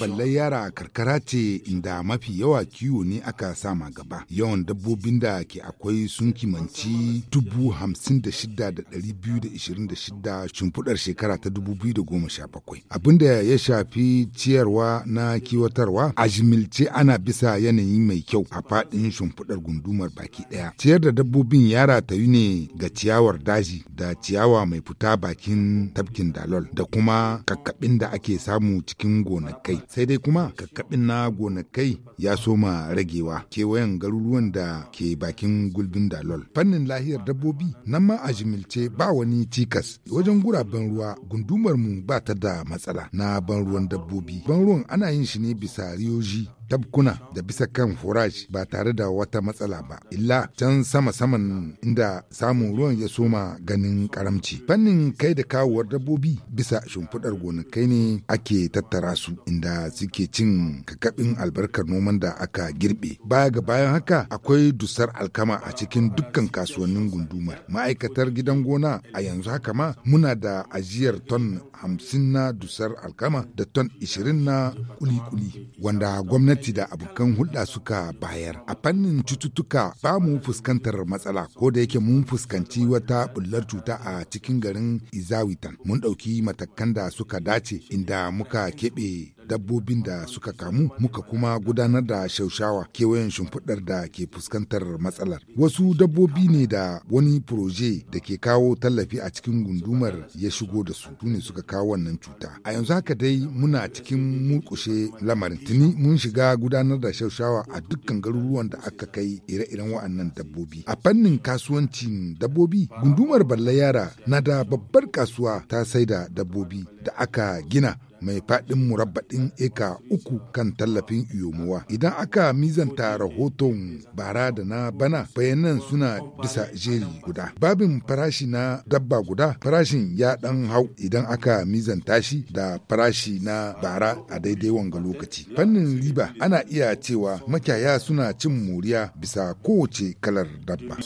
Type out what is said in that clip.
Balle yara a karkara ce inda mafi yawa kiwo ne aka sama gaba. Yawan dabbobin da ke akwai sun kimanci 56,226 shimfiɗar shekara ta 2017. da ya shafi ciyarwa na kiwatarwa a jimilce ana bisa yanayi mai kyau a faɗin shimfiɗar gundumar baki ɗaya. Ciyar da dabbobin yara ta yi ne ga ciyawar daji da ciyawa mai fita bakin tafkin dalol da kuma kakka kakkaɓin da ake samu cikin gonakai sai dai kuma kakkaɓin na gonakai ya soma ragewa kewayen garuruwan da ke bakin gulbin dalol fannin lahiyar dabbobi nan ma a jimilce ba wani cikas wajen guraben ruwa gundumar mu ba ta da matsala na ban ruwan dabbobi ban ruwan ana yin shi ne bisa riyoji tabkuna da bisa kan furaj ba tare da wata matsala ba illa can sama saman inda samun ruwan ya soma ganin karamci fannin kai da kawuwar dabbobi bisa shimfiɗar gonakai ne ake tattara su inda suke cin kakabin albarkar noman da aka girbe baya ga bayan haka akwai dusar alkama a cikin dukkan kasuwannin gundumar ma'aikatar gidan gona a yanzu haka ma muna da ajiyar ton hamsin na dusar alkama da ton ishirin na kuli-kuli wanda gwamnati da abokan hulɗa suka bayar. A fannin cututtuka ba mu fuskantar matsala ko da yake mun fuskanci wata bullar cuta a cikin garin Izawitan. Mun ɗauki matakan da suka dace inda muka keɓe dabbobin da suka kamu muka kuma gudanar da shaushawa kewayen shimfiɗar da ke fuskantar matsalar. Wasu dabbobi ne da wani furoje da ke kawo tallafi a cikin gundumar ya shigo da su ne suka kawo wannan cuta. A yanzu haka dai muna cikin murkushe lamarin. Tuni mun shiga gudanar da shaushawa a dukkan garuruwan da aka kai ire-iren wa'annan dabbobi. A fannin kasuwancin dabbobi, gundumar Balla Yara na da babbar kasuwa ta saida dabbobi da aka gina mai faɗin murabbaɗin eka uku kan tallafin iyomuwa. Idan aka mizanta rahoton bara da na bana bayanan suna bisa jeri guda. Babin farashi na dabba guda farashin ya ɗan hau idan aka mizanta shi da farashi na bara a daidai wanga lokaci. Fannin riba ana iya cewa makyaya suna cin moriya bisa kowace kalar dabba.